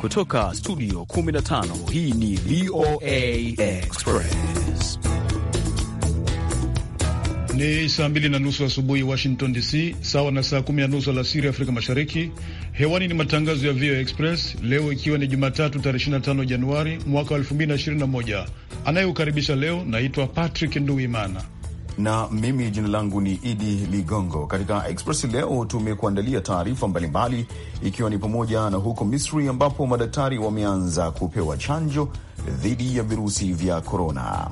Kutoka studio 15 hii ni VOA Express. Ni saa mbili na nusu asubuhi Washington DC, sawa na saa kumi na nusu alasiri Afrika Mashariki. Hewani ni matangazo ya VOA Express leo, ikiwa ni Jumatatu tarehe 25 Januari mwaka 2021. Anayeukaribisha leo naitwa Patrick Nduwimana na mimi jina langu ni Idi Ligongo. Katika Express leo tumekuandalia taarifa mbalimbali, ikiwa ni pamoja na huko Misri ambapo madaktari wameanza kupewa chanjo dhidi ya virusi vya korona.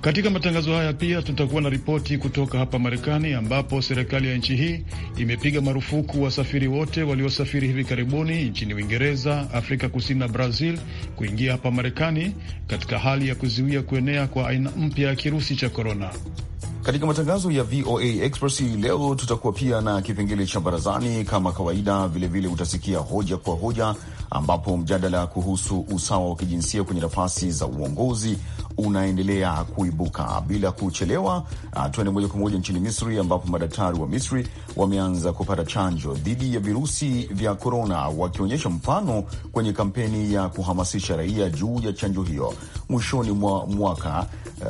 Katika matangazo haya pia tutakuwa na ripoti kutoka hapa Marekani ambapo serikali ya nchi hii imepiga marufuku wasafiri wote waliosafiri hivi karibuni nchini Uingereza, Afrika Kusini na Brazil kuingia hapa Marekani katika hali ya kuzuia kuenea kwa aina mpya ya kirusi cha korona. Katika matangazo ya VOA Express leo tutakuwa pia na kipengele cha barazani kama kawaida. Vilevile utasikia hoja kwa hoja, ambapo mjadala kuhusu usawa wa kijinsia kwenye nafasi za uongozi unaendelea kuibuka. Bila kuchelewa, ah, tuende moja kwa moja nchini Misri, ambapo madaktari wa Misri wameanza kupata chanjo dhidi ya virusi vya korona, wakionyesha mfano kwenye kampeni ya kuhamasisha raia juu ya chanjo hiyo. Mwishoni mwa mwaka,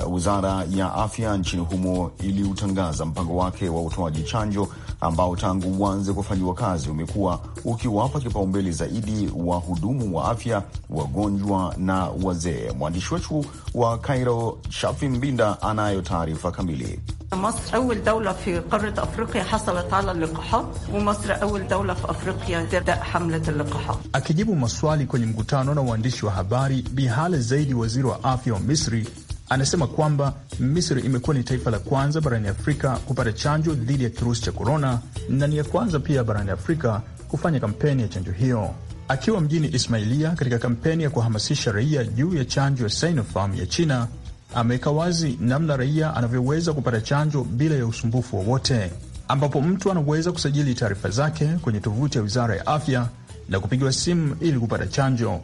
uh, wizara ya afya nchini humo iliutangaza mpango wake wa utoaji chanjo ambao tangu uanze kufanyiwa kazi umekuwa ukiwapa kipaumbele zaidi wahudumu wa afya, wagonjwa na wazee. Mwandishi wetu wa Cairo, Shafi Mbinda, anayo taarifa kamili. Akijibu maswali kwenye mkutano na waandishi wa habari, Bihale Zaidi, waziri wa afya wa Misri anasema kwamba Misri imekuwa ni taifa la kwanza barani Afrika kupata chanjo dhidi ya kirusi cha korona na ni ya kwanza pia barani Afrika kufanya kampeni ya chanjo hiyo. Akiwa mjini Ismailia katika kampeni ya kuhamasisha raia juu ya chanjo ya Sinopharm ya China, ameweka wazi namna raia anavyoweza kupata chanjo bila ya usumbufu wowote, ambapo mtu anaweza kusajili taarifa zake kwenye tovuti ya wizara ya afya na kupigiwa simu ili kupata chanjo,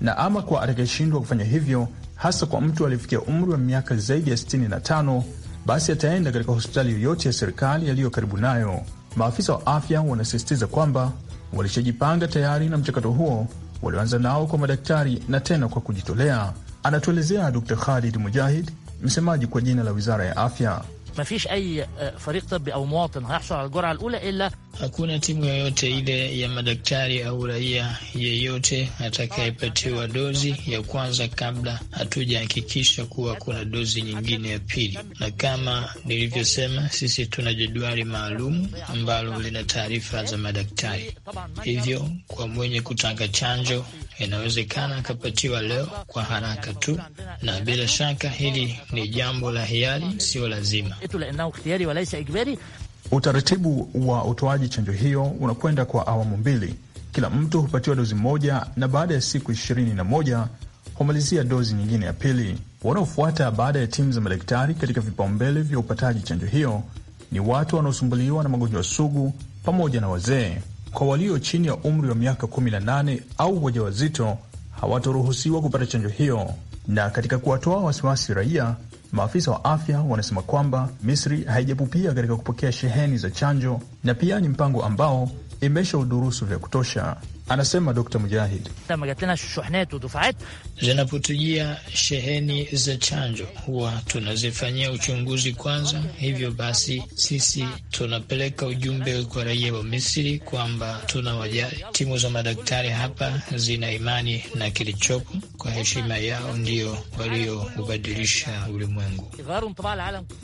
na ama kwa atakayeshindwa kufanya hivyo hasa kwa mtu aliyefikia umri wa miaka zaidi ya 65, basi ataenda katika hospitali yoyote ya serikali yaliyo karibu nayo. Maafisa wa afya wanasisitiza kwamba walishajipanga tayari na mchakato huo walioanza nao kwa madaktari na tena kwa kujitolea, anatuelezea Dr Khalid Mujahid, msemaji kwa jina la wizara ya afya. ما فيش اي فريق طبي او مواطن هيحصل على الجرعه الاولى الا hakuna timu yoyote ile ya madaktari au raia yeyote atakayepatiwa dozi ya kwanza kabla hatujahakikisha kuwa kuna dozi nyingine ya pili. Na kama nilivyosema, sisi tuna jedwali maalum ambalo lina taarifa za madaktari, hivyo kwa mwenye kutaka chanjo inawezekana akapatiwa leo kwa haraka tu, na bila shaka hili ni jambo la hiari, sio lazima. Utaratibu wa utoaji chanjo hiyo unakwenda kwa awamu mbili. Kila mtu hupatiwa dozi moja na baada ya siku ishirini na moja humalizia dozi nyingine ya pili. Wanaofuata baada ya timu za madaktari katika vipaumbele vya upataji chanjo hiyo ni watu wanaosumbuliwa na magonjwa sugu pamoja na wazee kwa walio chini ya umri wa miaka 18 au wajawazito hawatoruhusiwa kupata chanjo hiyo. Na katika kuwatoa wasiwasi raia, maafisa wa afya wanasema kwamba Misri haijapupia katika kupokea sheheni za chanjo, na pia ni mpango ambao imesha udurusu vya kutosha, anasema Dkt Mujahid. Zinapotujia sheheni za chanjo huwa tunazifanyia uchunguzi kwanza. Hivyo basi, sisi tunapeleka ujumbe kwa raia wa Misri kwamba tunawajali. Timu za madaktari hapa zina imani na kilichopo, kwa heshima yao ndio walioubadilisha ulimwengu.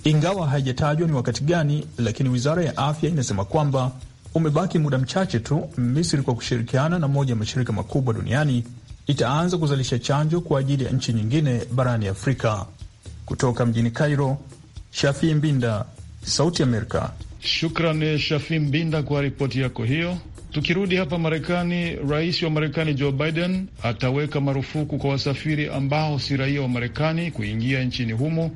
Ingawa haijatajwa ni wakati gani, lakini wizara ya afya inasema kwamba umebaki muda mchache tu, Misri kwa kushirikiana na moja ya mashirika makubwa duniani itaanza kuzalisha chanjo kwa ajili ya nchi nyingine barani Afrika. Kutoka mjini Cairo, Shafii Mbinda, Sauti Amerika. Shukrani Shafii Mbinda kwa ripoti yako hiyo. Tukirudi hapa Marekani, rais wa Marekani Joe Biden ataweka marufuku kwa wasafiri ambao si raia wa Marekani kuingia nchini humo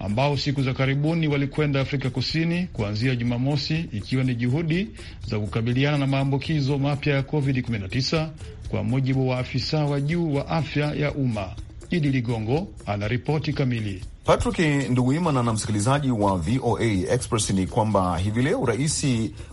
ambao siku za karibuni walikwenda Afrika Kusini kuanzia Jumamosi, ikiwa ni juhudi za kukabiliana na maambukizo mapya ya COVID-19 kwa mujibu wa afisa wa juu wa afya ya umma. Idi Ligongo anaripoti kamili. Patrick nduwimana na msikilizaji wa VOA Express, ni kwamba hivi leo Rais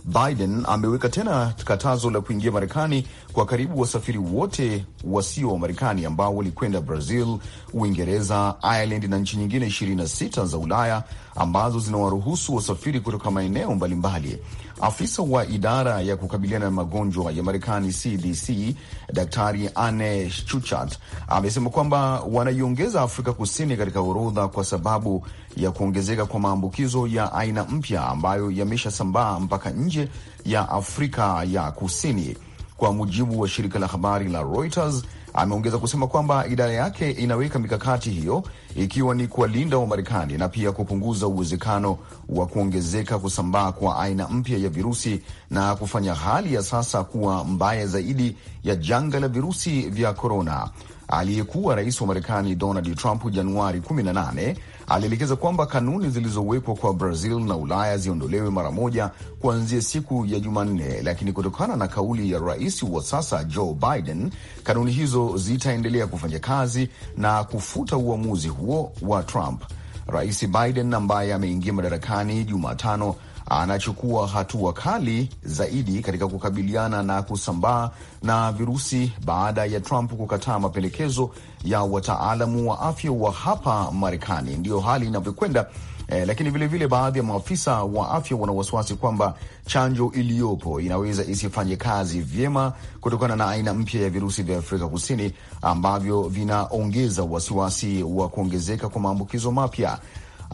Biden ameweka tena katazo la kuingia Marekani kwa karibu wasafiri wote wasio wa Marekani ambao walikwenda Brazil, Uingereza, Ireland na nchi nyingine 26 za Ulaya ambazo zinawaruhusu wasafiri kutoka maeneo mbalimbali mbali. Afisa wa idara ya kukabiliana na magonjwa ya Marekani, CDC, Daktari Anne Schuchat amesema kwamba wanaiongeza Afrika Kusini katika orodha kwa sababu ya kuongezeka kwa maambukizo ya aina mpya ambayo yameshasambaa mpaka nje ya Afrika ya Kusini, kwa mujibu wa shirika la habari la Reuters. Ameongeza kusema kwamba idara yake inaweka mikakati hiyo ikiwa ni kuwalinda Wamarekani na pia kupunguza uwezekano wa kuongezeka kusambaa kwa aina mpya ya virusi na kufanya hali ya sasa kuwa mbaya zaidi ya janga la virusi vya korona. Aliyekuwa rais wa Marekani Donald Trump Januari 18 alielekeza kwamba kanuni zilizowekwa kwa Brazil na Ulaya ziondolewe mara moja kuanzia siku ya Jumanne, lakini kutokana na kauli ya rais wa sasa Joe Biden, kanuni hizo zitaendelea kufanya kazi na kufuta uamuzi huo wa Trump. Rais Biden ambaye ameingia madarakani Jumatano anachukua hatua kali zaidi katika kukabiliana na kusambaa na virusi baada ya Trump kukataa mapendekezo ya wataalamu wa afya wa hapa Marekani. Ndiyo hali inavyokwenda. Eh, lakini vilevile baadhi ya maafisa wa afya wana wasiwasi kwamba chanjo iliyopo inaweza isifanye kazi vyema kutokana na aina mpya ya virusi vya Afrika Kusini ambavyo vinaongeza wasiwasi wa kuongezeka kwa maambukizo mapya.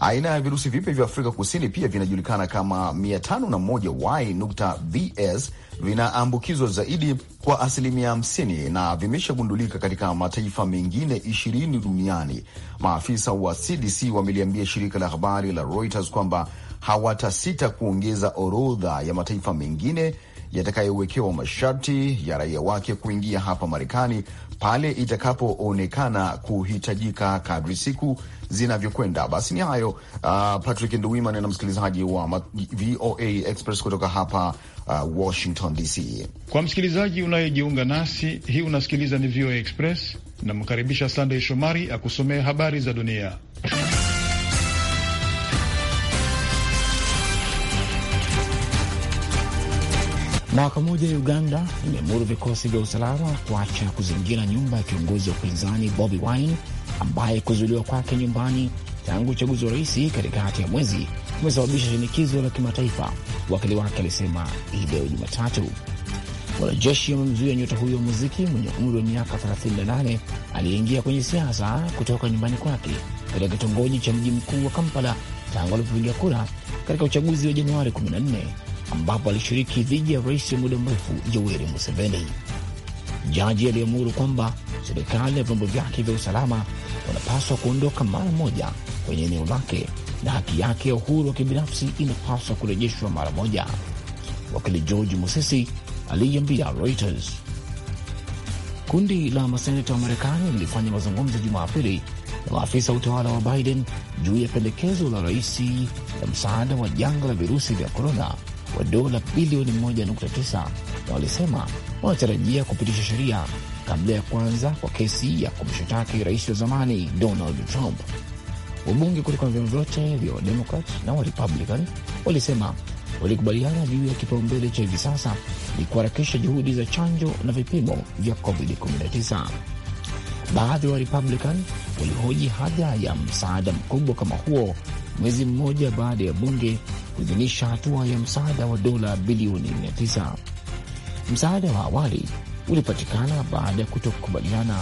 Aina ya virusi vipya vya Afrika Kusini pia vinajulikana kama 501Y.VS vinaambukizwa zaidi kwa asilimia 50 na vimeshagundulika katika mataifa mengine ishirini duniani. Maafisa wa CDC wameliambia shirika la habari la Reuters kwamba hawatasita kuongeza orodha ya mataifa mengine yatakayowekewa masharti ya raia wake kuingia hapa Marekani pale itakapoonekana kuhitajika kadri siku zinavyokwenda. Basi ni hayo. Uh, Patrick Nduwiman na msikilizaji wa VOA Express kutoka hapa uh, Washington DC. Kwa msikilizaji unayejiunga nasi, hii unasikiliza ni VOA Express. Namkaribisha Sandey Shomari akusomea habari za dunia. Mwaka mmoja Uganda imeamuru vikosi vya usalama kuacha kuzingira nyumba ya kiongozi wa upinzani Bobi Wine ambaye kuzuiliwa kwake nyumbani tangu uchaguzi wa rais katikati ya mwezi umesababisha shinikizo la kimataifa, wakili wake alisema hii leo Jumatatu. Wanajeshi wamemzuia nyota huyo wa muziki mwenye umri wa miaka 38 aliyeingia kwenye siasa kutoka nyumbani kwake katika kitongoji cha mji mkuu wa Kampala tangu alipopiga kura katika uchaguzi wa Januari 14 ambapo alishiriki dhidi ya rais wa muda mrefu Yoweri Museveni. Jaji aliamuru kwamba serikali na vyombo vyake vya usalama wanapaswa kuondoka mara moja kwenye eneo lake na haki yake ya uhuru wa kibinafsi inapaswa kurejeshwa mara moja. Wakili George Musisi aliiambia Reuters kundi la maseneta wa Marekani lilifanya mazungumzo Jumapili na maafisa wa utawala wa Biden juu ya pendekezo la raisi la msaada wa janga la virusi vya korona wa dola bilioni 1.9 na walisema wanatarajia kupitisha sheria kabla ya kwanza kwa kesi ya kumshitaki rais wa zamani Donald Trump. Wabunge kutoka vyama vyote vya Wademokrat na Warepublican walisema walikubaliana juu ya kipaumbele cha hivi sasa ni kuharakisha juhudi za chanjo na vipimo vya COVID-19. Baadhi wa Warepublican walihoji haja ya msaada mkubwa kama huo mwezi mmoja baada ya bunge kuidhinisha hatua ya msaada wa dola bilioni 9 Msaada wa awali ulipatikana baada ya kutokubaliana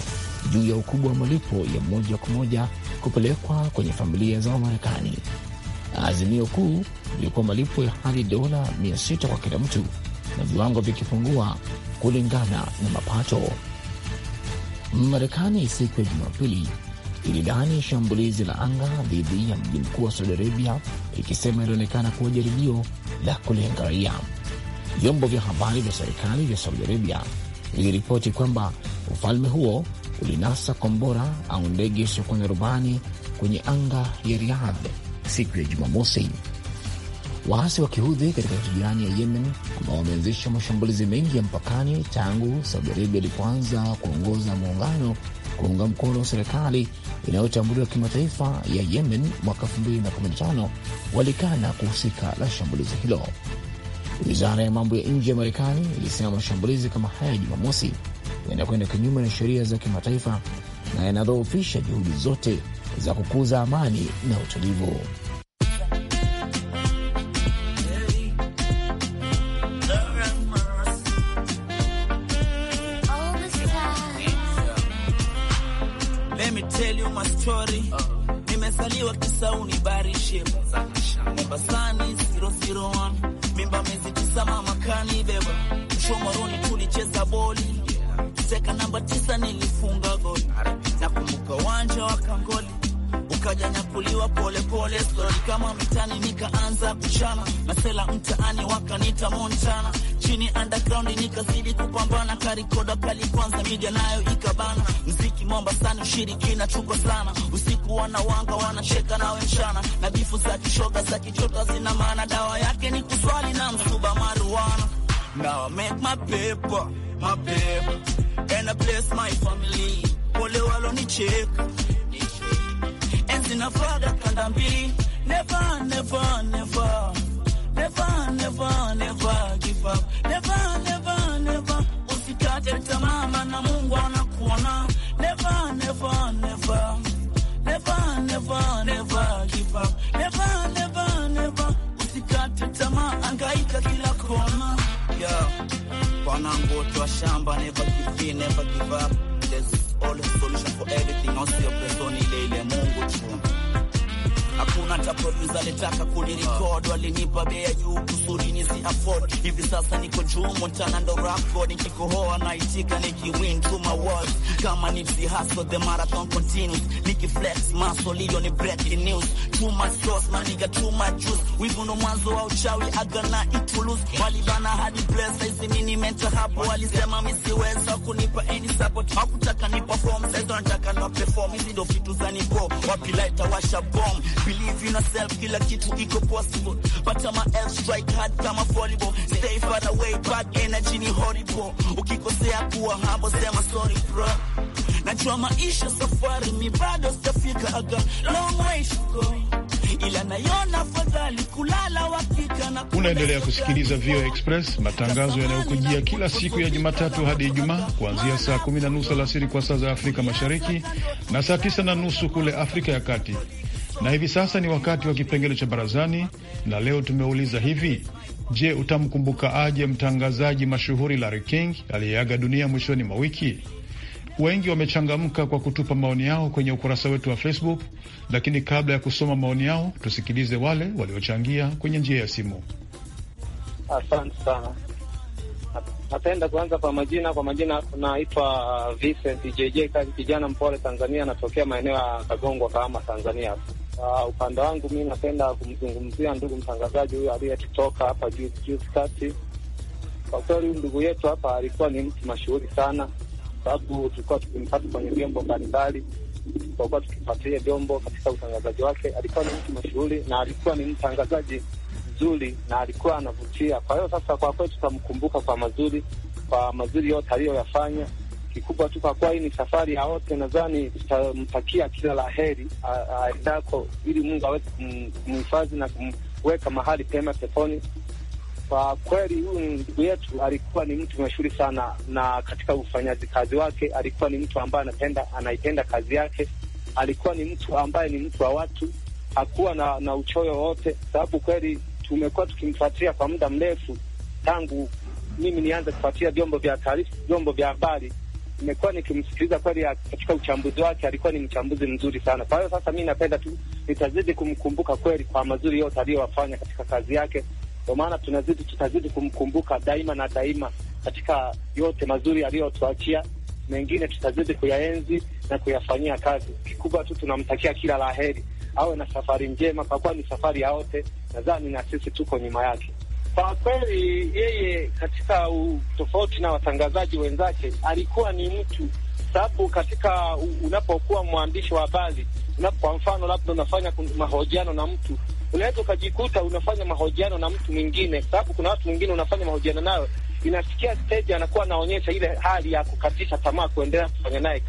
juu ya ukubwa wa malipo ya moja kwa moja kupelekwa kwenye familia za Wamarekani. Azimio kuu lilikuwa malipo ya hadi dola 600 kwa kila mtu na viwango vikipungua kulingana na mapato. Marekani siku ya Jumapili ilidani shambulizi la anga dhidi ya mji mkuu wa Saudi Arabia, ikisema ilionekana kuwa jaribio la kulenga raia. Vyombo vya habari vya serikali vya Saudi Arabia viliripoti kwamba ufalme huo ulinasa kombora au ndege isiyokuwa na rubani kwenye anga ya Riyadh siku ya Jumamosi. Waasi wa kihudhi katika nchi jirani ya Yemen ambao wameanzisha mashambulizi mengi ya mpakani tangu Saudi Arabia ilipoanza kuongoza muungano kuunga mkono serikali inayotambuliwa kimataifa ya Yemen mwaka 2015 walikana kuhusika na shambulizi hilo. Wizara ya mambo ya nje ya Marekani ilisema mashambulizi kama haya Jumamosi yanakwenda kinyume na sheria za kimataifa na yanadhoofisha juhudi zote za kukuza amani na utulivu. nyuma stori, uh-huh. nimesaliwa Kisauni Barishim Mombasani 001 mimba miezi tisa mama kani beba Mshomoroni tulicheza boli kiseka namba tisa nilifunga goli na kumbuka uwanja wa Kangoli ukajanyakuliwa pole, stori kama mitani nikaanza kuchana masela mtaani wakanita Montana chini underground, nikazidi kupambana, karikoda kali kwanza, media nayo ikabana, mziki sana ushirikina chuko sana, usiku wanawanga wanacheka nawe mchana, na bifu za kishoga za kichota zina maana, dawa yake ni kuswali na msuba maruana. Now I make my paper, my paper, and I bless my family. Wale walo enzi na kanda mbili, never, never, never, never, never, never. wa shamba, never give in, never give up. There's always solution for everything, also your person ile ile, Mungu tu. Hakuna hata producer alitaka kunirecord, walinipa bei ya juu porini si afford hivi sasa niko juu Montana ndo rap god nikikohoa naitika nikiwin to my words kama Nipsey Hussle the marathon continues nikiflex muscle hiyo ni breaking news too much sauce my nigga too much juice wivu ndo mwanzo wa uchawi agana ituluse walibana hadi place hizi mimi mental hapo walisema misiweza kunipa any support hakutaka ni perform sasa nataka na perform hizi ndo vitu za nipo wapi lighter washa bomb believe in yourself kila kitu iko possible pata ma strike hard kama volleyball. Stay far away, bad energy ni horrible. Ukikosea kuwa habo, sema sorry bro. Najua maisha safari, mi bado sitafika aga, long way to go. Unaendelea kusikiliza VOA Express, matangazo yanayokujia kila siku ya Jumatatu hadi Ijumaa kuanzia saa kumi na nusu alasiri kwa saa za Afrika Mashariki na saa tisa na nusu kule Afrika ya Kati. Na hivi sasa ni wakati wa kipengele cha barazani, na leo tumeuliza hivi: Je, utamkumbuka aje mtangazaji mashuhuri Larry King aliyeaga dunia mwishoni mwa wiki? Wengi wamechangamka kwa kutupa maoni yao kwenye ukurasa wetu wa Facebook, lakini kabla ya kusoma maoni yao, tusikilize wale waliochangia kwenye njia ya simu. Asante sana. Napenda kuanza kwa majina. Kwa majina tunaitwa Vincent JJ Kazi, kijana mpole Tanzania, anatokea maeneo ya Kagongwa, Kahama, Tanzania. Uh, upande wangu mi napenda kumzungumzia ndugu mtangazaji huyu aliyetoka hapa juzi kati. Kwa kweli ndugu yetu hapa alikuwa ni mtu mashuhuri sana, sababu tulikuwa tukimpata kwenye vyombo mbalimbali, tulipokuwa tukifuatilia vyombo katika utangazaji wake. Alikuwa ni mtu mashuhuri na alikuwa ni mtangazaji mzuri na alikuwa anavutia. Kwa hiyo sasa, kwa kweli tutamkumbuka kwa mazuri, kwa mazuri yote aliyoyafanya Kikubwa tu kwa kuwa hii ni safari ya wote, nadhani tutampakia kila la heri aendako, ili Mungu aweze kumhifadhi na kumweka mahali pema peponi. Kwa kweli huyu ndugu yetu alikuwa ni mtu mashuhuri sana, na katika ufanyaji kazi wake alikuwa ni mtu ambaye anapenda, anaipenda kazi yake. Alikuwa ni mtu ambaye ni mtu wa watu, hakuwa na, na uchoyo wowote, sababu kweli tumekuwa tukimfuatilia kwa muda mrefu tangu mimi nianze kufuatilia vyombo vya taarifa, vyombo vya habari nimekuwa nikimsikiliza kweli, katika uchambuzi wake alikuwa ni mchambuzi mzuri sana. Kwa hiyo sasa mi napenda tu nitazidi kumkumbuka kweli kwa mazuri yote aliyowafanya katika kazi yake, kwa maana tunazidi tutazidi kumkumbuka daima na daima katika yote mazuri aliyotuachia, mengine tutazidi kuyaenzi na kuyafanyia kazi. Kikubwa tu tunamtakia kila laheri awe na safari njema, kwa kuwa ni safari ya wote. Nadhani na sisi tuko nyuma yake. Kwa kweli yeye katika tofauti na watangazaji wenzake alikuwa ni mtu sababu, katika unapokuwa mwandishi wa habari, kwa mfano labda unafanya mahojiano na mtu, unaweza ukajikuta unafanya mahojiano na mtu mwingine, sababu kuna watu wengine unafanya mahojiano nayo inafikia stage anakuwa anaonyesha ile hali ya kukatisha tamaa kuendelea kufanya naye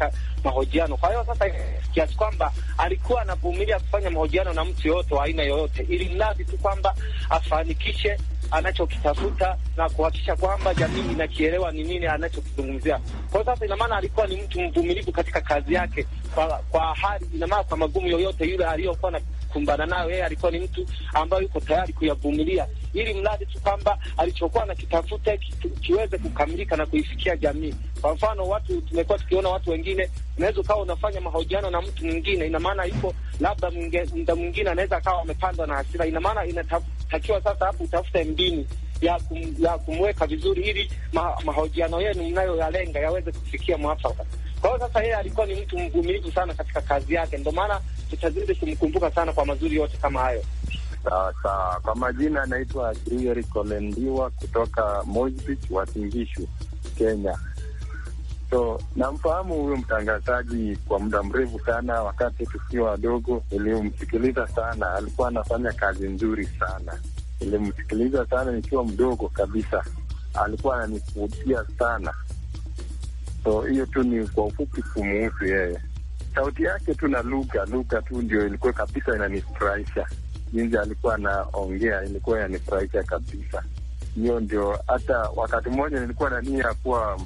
mahojiano. Kwa hiyo sasa, kiasi kwamba alikuwa anavumilia kufanya mahojiano na mtu yoyote wa aina yoyote, ili mradi tu kwamba afanikishe anachokitafuta na kuhakikisha kwamba jamii inakielewa ni nini anachokizungumzia. Kwa hiyo sasa, ina maana alikuwa ni mtu mvumilivu katika kazi yake, kwa, kwa hali ina maana kwa magumu yoyote yule aliyokuwa na kukumbana nayo, yeye alikuwa ni mtu ambaye yuko tayari kuyavumilia, ili mradi tu kwamba alichokuwa nakitafuta kiweze kukamilika na kuifikia jamii. Kwa mfano, watu tumekuwa tukiona watu wengine, unaweza ukawa unafanya mahojiano na mtu mwingine, ina maana yuko labda mda mwingine anaweza akawa amepandwa na hasira, ina maana inatakiwa sasa hapo utafute mbinu ya, kum, ya kumweka vizuri ili ma, mahojiano yenu mnayoyalenga yaweze kufikia mwafaka. Kwa hiyo sasa, yeye alikuwa ni mtu mvumilivu sana katika kazi yake, ndio maana tutazidi kumkumbuka sana kwa mazuri yote kama hayo. Sawa sawa. Kwa majina anaitwa Grieri Kolendiwa kutoka Mosbich, Watingishu, Kenya. So namfahamu huyo mtangazaji kwa muda mrefu sana, wakati tukiwa wadogo nilimsikiliza sana, alikuwa anafanya kazi nzuri sana. Nilimsikiliza sana nikiwa mdogo kabisa, alikuwa ananivutia sana So hiyo tu ni kwa ufupi kumuhusu yeye, sauti yake tu na lugha lugha tu ndio ilikuwa kabisa inanifurahisha. Jinsi alikuwa anaongea ilikuwa inanifurahisha kabisa. Hiyo ndio, hata wakati mmoja nilikuwa na nia ya kuwa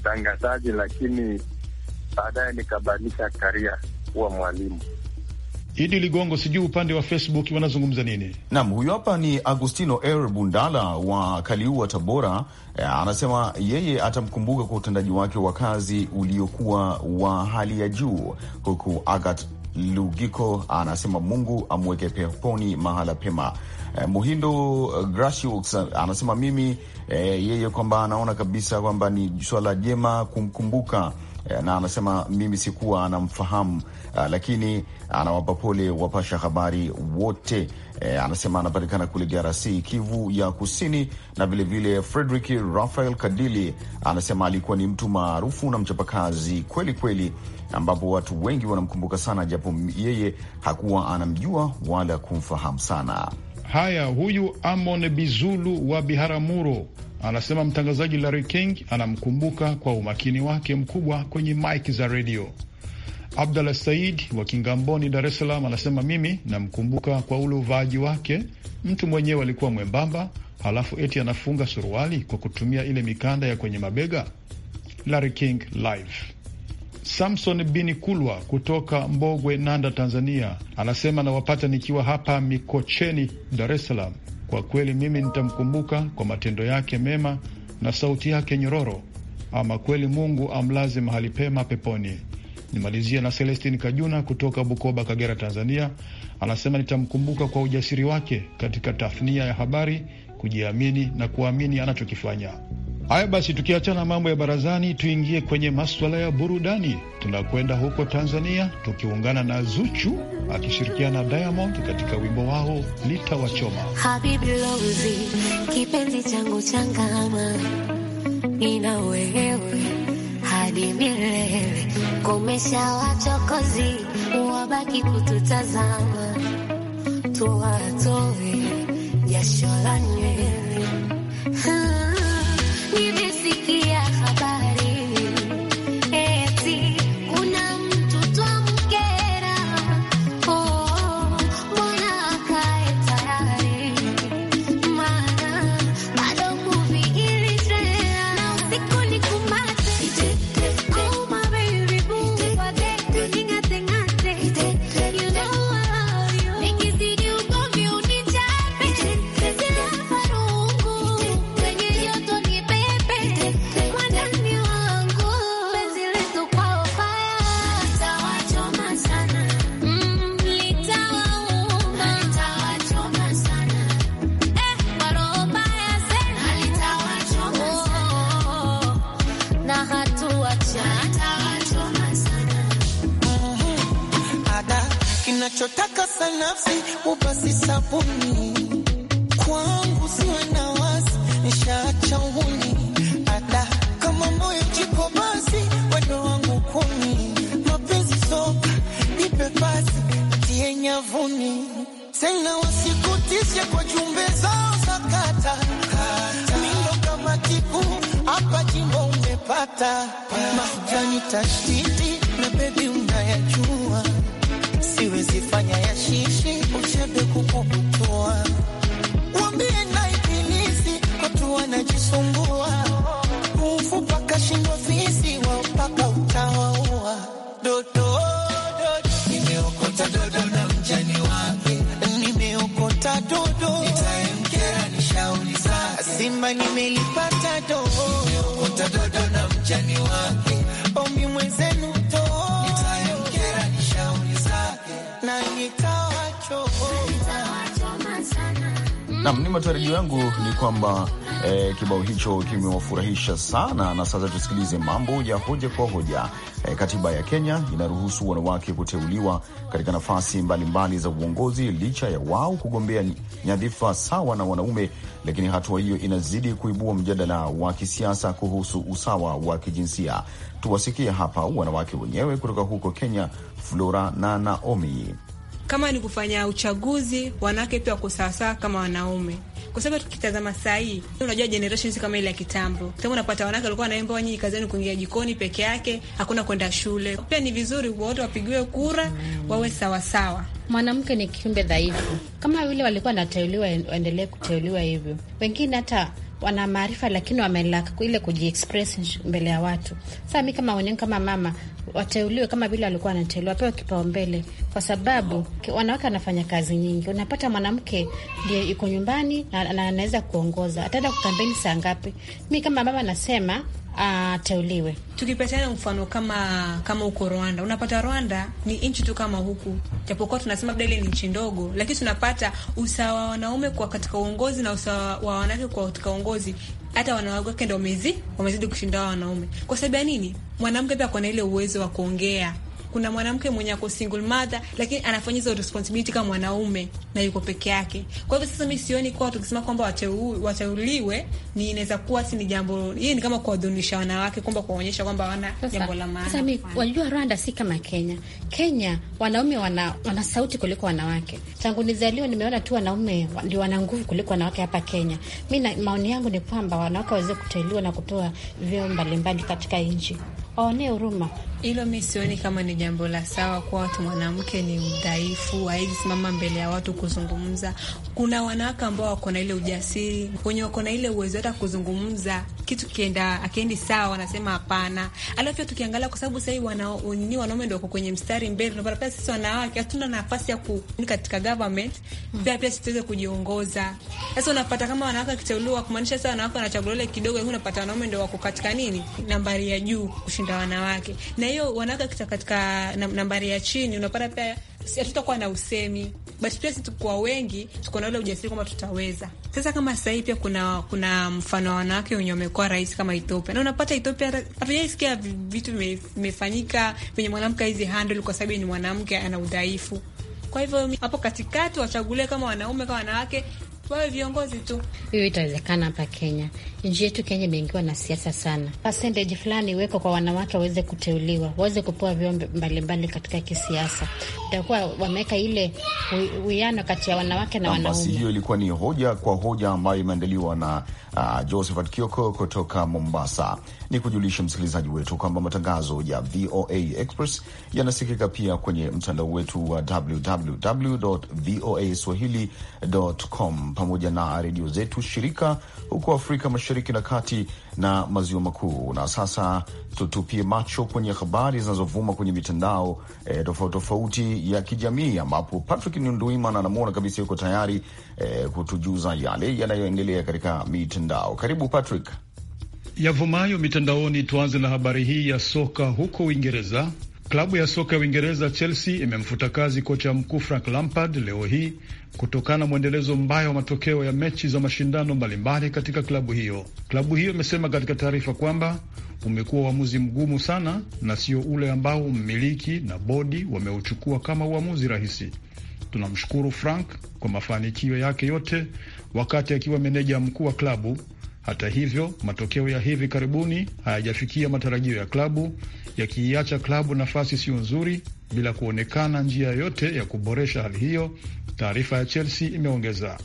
mtangazaji, lakini baadaye nikabadilisha karia kuwa mwalimu. Idi Ligongo, sijui upande wa Facebook wanazungumza nini? Naam, huyu hapa ni Agustino R Bundala wa Kaliua, Tabora. E, anasema yeye atamkumbuka kwa utendaji wake wa kazi uliokuwa wa hali ya juu, huku Agat Lugiko anasema Mungu amweke peponi mahala pema. Eh, Muhindo Grasius anasema mimi eh, yeye kwamba anaona kabisa kwamba ni swala jema kumkumbuka Eh, na anasema mimi sikuwa anamfahamu, eh, lakini anawapa pole wapasha habari wote. E, eh, anasema anapatikana kule DRC Kivu ya Kusini, na vilevile Frederick Rafael Kadili anasema alikuwa ni mtu maarufu na mchapakazi kweli kweli, ambapo watu wengi wanamkumbuka sana, japo yeye hakuwa anamjua wala kumfahamu sana. Haya, huyu Amon Bizulu wa Biharamuro anasema mtangazaji Larry King anamkumbuka kwa umakini wake mkubwa kwenye mike za redio. Abdallah Said wa Kingamboni, Dar es Salaam, anasema mimi namkumbuka kwa ule uvaaji wake. Mtu mwenyewe alikuwa mwembamba, halafu eti anafunga suruali kwa kutumia ile mikanda ya kwenye mabega. Larry King live Samson Bini Kulwa kutoka Mbogwe, Nanda, Tanzania, anasema nawapata nikiwa hapa Mikocheni, Dar es Salaam. Kwa kweli mimi nitamkumbuka kwa matendo yake mema na sauti yake nyororo. Ama kweli Mungu amlaze mahali pema peponi. Nimalizia na Celestin Kajuna kutoka Bukoba, Kagera, Tanzania, anasema nitamkumbuka kwa ujasiri wake katika tathnia ya habari, kujiamini na kuamini anachokifanya. Haya basi, tukiachana mambo ya barazani, tuingie kwenye maswala ya burudani. Tunakwenda huko Tanzania, tukiungana na Zuchu akishirikiana na Diamond katika wimbo wao Litawachoma. Habibi Lozi, kipenzi changu changama, nina wewe hadi milele, komesha wachokozi wabaki kututazama, tuwatoe jasho la nywele tena wasikutishe kwa jumbe zao za kata mindo kama kipu hapa jimbo umepata mahujani tashtiti na bebi unayajua siwezi fanya ya shishi uchebe kukubu kwamba nimelipata dodo na mchani wake, ombi mwenzenu nam ni matarajio yangu ni kwamba E, kibao hicho kimewafurahisha sana, na sasa tusikilize mambo ya hoja kwa hoja. E, katiba ya Kenya inaruhusu wanawake kuteuliwa katika nafasi mbalimbali za uongozi licha ya wao kugombea nyadhifa sawa na wanaume, lakini hatua hiyo inazidi kuibua mjadala wa kisiasa kuhusu usawa wa kijinsia. Tuwasikie hapa wanawake wenyewe kutoka huko Kenya, Flora na Naomi. Kama ni kufanya uchaguzi, wanawake pia wako sawasawa kama wanaume kwa sababu tukitazama saa hii, unajua si kama ile ya kitambo, kama unapata wanawake walikuwa wanaimba wanyi kazini, kuingia jikoni peke yake, hakuna kwenda shule. Pia ni vizuri wote wapigiwe kura, wawe sawa sawa. Mwanamke ni kiumbe dhaifu, kama vile walikuwa wanateuliwa, waendelee kuteuliwa hivyo. Wengine hata wana maarifa lakini wamelaka ile kujiexpress mbele ya watu. Sasa mi kama wenyewe kama mama wateuliwe kama vile walikuwa wanateuliwa, wapewe kipaumbele, kwa sababu wanawake wanafanya kazi nyingi. Unapata mwanamke ndiye yuko nyumbani na anaweza kuongoza, ataenda kukampeni saa ngapi? Mi kama mama nasema ateuliwe. Tukipatiana mfano kama kama huko Rwanda, unapata Rwanda ni nchi tu kama huku, japokuwa tunasema labda ile ni nchi ndogo, lakini tunapata usawa wa wanaume kwa katika uongozi na usawa wa wanawake kwa katika uongozi hata wanawake ndo wamezi wamezidi kushinda wanaume. Kwa sababu ya nini? Mwanamke pia akona ile uwezo wa kuongea kuna mwanamke mwenye ako single mother, lakini anafanya hizo responsibility kama mwanaume na yuko peke yake. Kwa hivyo sasa, mimi sioni kwa tukisema kwamba wateuliwe ni inaweza kuwa si ni jambo hii, ni kama kuwadhunisha wanawake, kwamba kuwaonyesha kwamba wana jambo la maana. Sasa mimi wajua, Rwanda si kama Kenya. Kenya wanaume wana, wana sauti kuliko wanawake. Tangu nizaliwa nimeona tu wanaume ndio wana nguvu kuliko wanawake hapa Kenya. Mimi maoni yangu ni kwamba wanawake waweze kuteuliwa na kutoa vyeo mbalimbali katika nchi, waonee huruma hilo mi sioni kama ni jambo la sawa kuwa watu mwanamke ni udhaifu, hawezi simama mbele ya watu kuzungumza. Kuna wanawake ambao wako na ile ujasiri, wenye wako na ile uwezo hata kuzungumza kitu kienda akiendi sawa, wanasema hapana. Alafu pia tukiangalia, kwa sababu sahii wana ni wanaume ndio wako kwenye mstari mbele, tunapata pia sisi wanawake hatuna nafasi ya ku katika government pia pia sitaweze kujiongoza. Sasa unapata kama wanawake wakiteuliwa, kumaanisha sasa wanawake wanachagulia kidogo, kidogo, unapata wanaume ndio wako katika nini, nambari ya juu kushinda wanawake na hiyo wanawake kita katika nambari ya chini, unapata pia hatutakuwa na usemi bat pia situkuwa wengi, tuko na ule ujasiri kwamba tutaweza. Sasa kama sasa pia kuna kuna mfano wa wanawake wenye wamekuwa rais kama Ethiopia, na unapata Ethiopia hatujaisikia vitu vimefanyika venye mwanamke hizi handle, kwa sababu ni mwanamke ana udhaifu. Kwa hivyo hapo katikati wachagulie kama wanaume kama wanawake, wawe viongozi tu. Hiyo itawezekana hapa Kenya? Nchi yetu Kenya imeingiwa na siasa sana. Percentage fulani iweko kwa wanawake waweze kuteuliwa, waweze kupewa vyo mbalimbali katika kisiasa, takuwa wameweka ile uwiano kati ya wanawake na wanaume. Basi hiyo ilikuwa ni hoja kwa hoja ambayo imeandaliwa na uh, Josephat Kioko kutoka Mombasa ni kujulisha msikilizaji wetu kwamba matangazo ya VOA Express yanasikika pia kwenye mtandao wetu wa www voa swahilicom pamoja na redio zetu shirika huko Afrika Mashariki na Kati na Maziwa Makuu. Na sasa tutupie macho kwenye habari zinazovuma kwenye mitandao e, tofauti tofauti ya kijamii ambapo Patrick Nduimana anamwona kabisa yuko tayari e, kutujuza yale yanayoendelea katika mitandao. Karibu Patrick yavumayo mitandaoni. Tuanze na habari hii ya soka huko Uingereza. Klabu ya soka ya Uingereza Chelsea imemfuta kazi kocha mkuu Frank Lampard leo hii kutokana na mwendelezo mbaya wa matokeo ya mechi za mashindano mbalimbali katika klabu hiyo. Klabu hiyo imesema katika taarifa kwamba umekuwa uamuzi mgumu sana na sio ule ambao mmiliki na bodi wameuchukua kama uamuzi rahisi. Tunamshukuru Frank kwa mafanikio yake yote wakati akiwa meneja mkuu wa klabu hata hivyo, matokeo ya hivi karibuni hayajafikia matarajio ya klabu, yakiiacha klabu nafasi siyo nzuri bila kuonekana njia yoyote ya kuboresha hali hiyo, taarifa ya Chelsea imeongeza.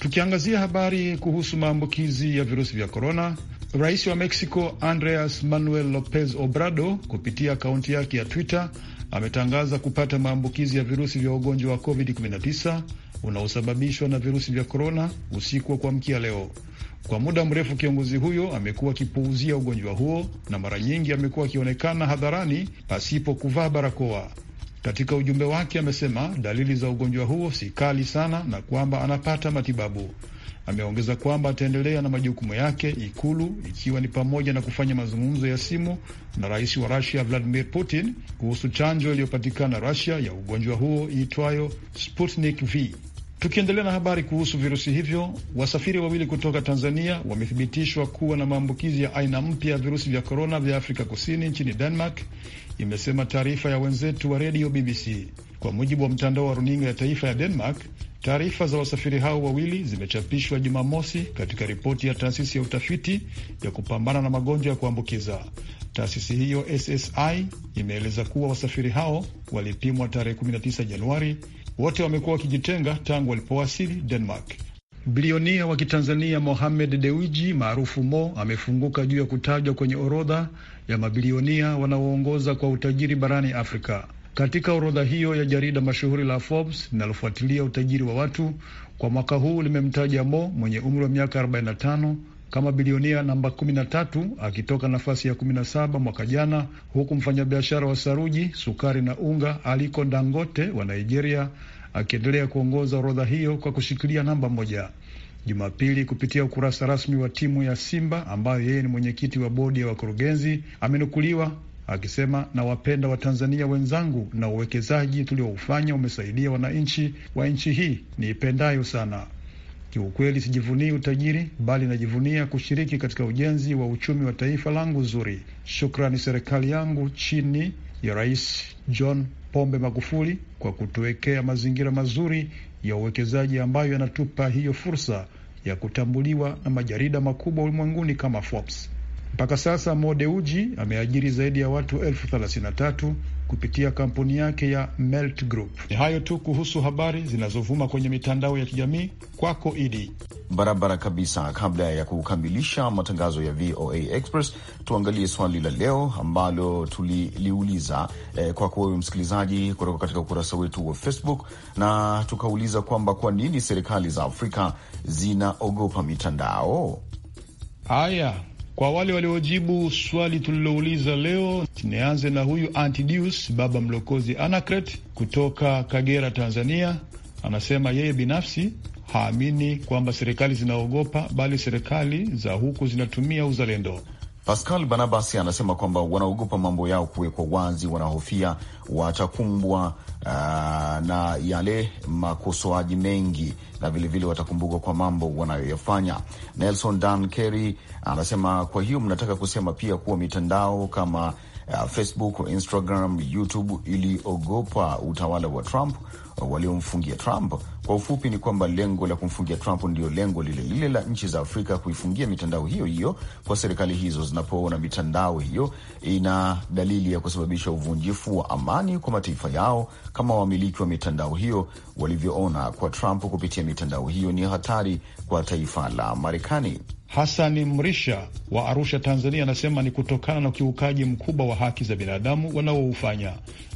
Tukiangazia habari kuhusu maambukizi ya virusi vya korona, rais wa Mexico andreas Manuel Lopez Obrador kupitia akaunti yake ya Twitter ametangaza kupata maambukizi ya virusi vya ugonjwa wa COVID-19 unaosababishwa na virusi vya korona usiku wa kuamkia leo. Kwa muda mrefu kiongozi huyo amekuwa akipuuzia ugonjwa huo na mara nyingi amekuwa akionekana hadharani pasipo kuvaa barakoa. Katika ujumbe wake amesema dalili za ugonjwa huo si kali sana na kwamba anapata matibabu. Ameongeza kwamba ataendelea na majukumu yake Ikulu, ikiwa ni pamoja na kufanya mazungumzo ya simu na rais wa Rusia Vladimir Putin kuhusu chanjo iliyopatikana Rusia ya ugonjwa huo iitwayo Sputnik V. Tukiendelea na habari kuhusu virusi hivyo, wasafiri wawili kutoka Tanzania wamethibitishwa kuwa na maambukizi ya aina mpya ya virusi vya korona vya Afrika Kusini nchini Denmark, imesema taarifa ya wenzetu wa redio BBC. Kwa mujibu wa mtandao wa runinga ya taifa ya Denmark, taarifa za wasafiri hao wawili zimechapishwa Jumamosi katika ripoti ya taasisi ya utafiti ya kupambana na magonjwa ya kuambukiza. Taasisi hiyo SSI imeeleza kuwa wasafiri hao walipimwa tarehe 19 Januari wote wamekuwa wakijitenga tangu walipowasili Denmark. Bilionia wa Kitanzania Mohamed Dewiji maarufu Mo amefunguka juu ya kutajwa kwenye orodha ya mabilionia wanaoongoza kwa utajiri barani Afrika. Katika orodha hiyo ya jarida mashuhuri la Forbes linalofuatilia utajiri wa watu kwa mwaka huu limemtaja Mo mwenye umri wa miaka kama bilionea namba 13 akitoka nafasi ya 17 mwaka jana, huku mfanyabiashara wa saruji, sukari na unga Aliko Dangote wa Nigeria akiendelea kuongoza orodha hiyo kwa kushikilia namba moja. Jumapili, kupitia ukurasa rasmi wa timu ya Simba ambayo yeye ni mwenyekiti wa bodi ya wakurugenzi, amenukuliwa akisema nawapenda Watanzania wenzangu na uwekezaji tulioufanya umesaidia wananchi wa nchi hii niipendayo sana. Kiukweli sijivunii utajiri, bali najivunia kushiriki katika ujenzi wa uchumi wa taifa langu zuri. Shukrani serikali yangu chini ya Rais John Pombe Magufuli kwa kutuwekea mazingira mazuri ya uwekezaji ambayo yanatupa hiyo fursa ya kutambuliwa na majarida makubwa ulimwenguni kama Forbes. Mpaka sasa Mo Dewji ameajiri zaidi ya watu elfu thelathini na tatu kupitia kampuni yake ya Melt Group. Ni hayo tu kuhusu habari zinazovuma kwenye mitandao ya kijamii. Kwako Idi. Barabara kabisa. Kabla ya kukamilisha matangazo ya VOA Express, tuangalie swali la leo ambalo tuliliuliza eh, kwako wewe msikilizaji, kutoka katika ukurasa wetu wa Facebook, na tukauliza kwamba kwa nini serikali za Afrika zinaogopa mitandao. Haya, kwa wale waliojibu swali tulilouliza leo, nianze na huyu Antidius Baba Mlokozi Anacret kutoka Kagera, Tanzania. Anasema yeye binafsi haamini kwamba serikali zinaogopa, bali serikali za huku zinatumia uzalendo. Pascal Barnabas anasema kwamba wanaogopa mambo yao kuwekwa wazi, wanahofia watakumbwa uh, na yale makosoaji mengi na vilevile watakumbukwa kwa mambo wanayoyafanya. Nelson Dan Kerry anasema, kwa hiyo mnataka kusema pia kuwa mitandao kama uh, Facebook, Instagram, YouTube iliogopa utawala wa Trump uh, waliomfungia Trump. Kwa ufupi ni kwamba lengo la kumfungia Trump ndio lengo lile lile la nchi za Afrika, kuifungia mitandao hiyo hiyo kwa serikali hizo zinapoona mitandao hiyo ina dalili ya kusababisha uvunjifu wa amani kwa mataifa yao, kama wamiliki wa mitandao hiyo walivyoona kwa Trump kupitia mitandao hiyo ni hatari kwa taifa la Marekani. Hasani Mrisha wa Arusha, Tanzania, anasema ni kutokana na ukiukaji mkubwa wa haki za binadamu wanaoufanya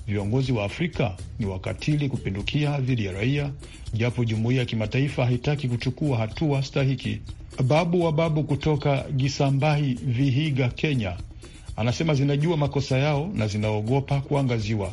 viongozi wa Afrika ni wakatili kupindukia dhidi ya raia, japo jumuiya ya kimataifa haitaki kuchukua hatua stahiki. Babu wa Babu kutoka Gisambahi, Vihiga, Kenya, anasema zinajua makosa yao na zinaogopa kuangaziwa.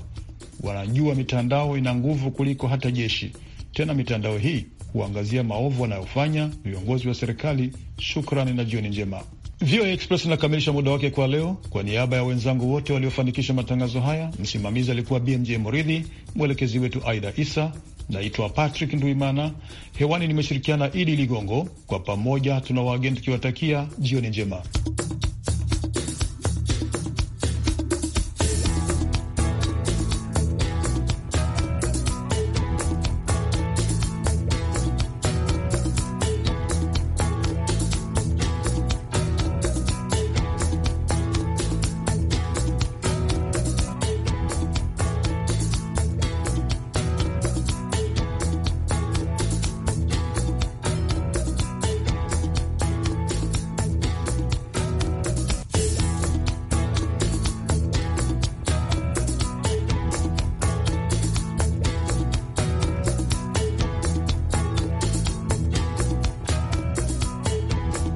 Wanajua mitandao ina nguvu kuliko hata jeshi, tena mitandao hii kuangazia maovu wanayofanya viongozi wa serikali. Shukrani na jioni njema. VOA Express inakamilisha muda wake kwa leo. Kwa niaba ya wenzangu wote waliofanikisha matangazo haya, msimamizi alikuwa BMJ Muridhi, mwelekezi wetu Aida Isa. Naitwa Patrick Nduimana, hewani nimeshirikiana Idi Ligongo. Kwa pamoja tuna wageni tukiwatakia jioni njema.